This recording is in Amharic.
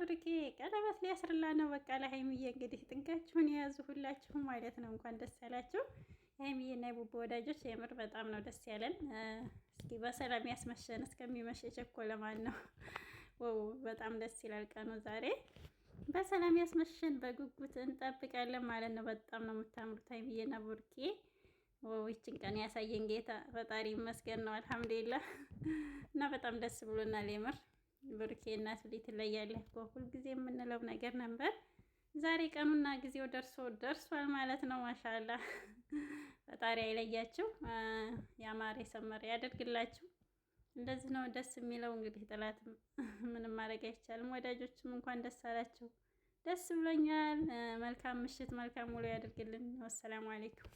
ብሩኬ ቀለበት ሊያስርላ ነው። በቃ ለሀይሚዬ እንግዲህ ጥንቃችሁን የያዙ ሁላችሁ ማለት ነው። እንኳን ደስ ያላችሁ ሀይሚዬ እና የቡቡ ወዳጆች። የምር በጣም ነው ደስ ያለን። እስኪ በሰላም ያስመሸን እስከሚመሽ የቸኮለ ማን ነው? ወው በጣም ደስ ይላል ቀኑ ዛሬ። በሰላም ያስመሸን በጉጉት እንጠብቃለን ማለት ነው። በጣም ነው የምታምሩት ሀይሚዬ እና ቡርኬ። ወይችን ቀን ያሳየን ጌታ ፈጣሪ ይመስገን ነው። አልሐምዱሊላህ እና በጣም ደስ ብሎናል የምር ብሩኬ እና ሱሊ ትለያለህ እኮ ሁልጊዜ የምንለው ነገር ነበር። ዛሬ ቀኑና ጊዜው ደርሶ ደርሷል ማለት ነው። ማሻላ ፈጣሪ አይለያችሁ፣ ያማረ የሰመረ ያደርግላችሁ። እንደዚህ ነው ደስ የሚለው። እንግዲህ ጥላት ምንም ማድረግ አይቻልም። ወዳጆችም እንኳን ደስ አላችሁ። ደስ ብሎኛል። መልካም ምሽት፣ መልካም ውሎ ያደርግልን። ወሰላሙ አሌይኩም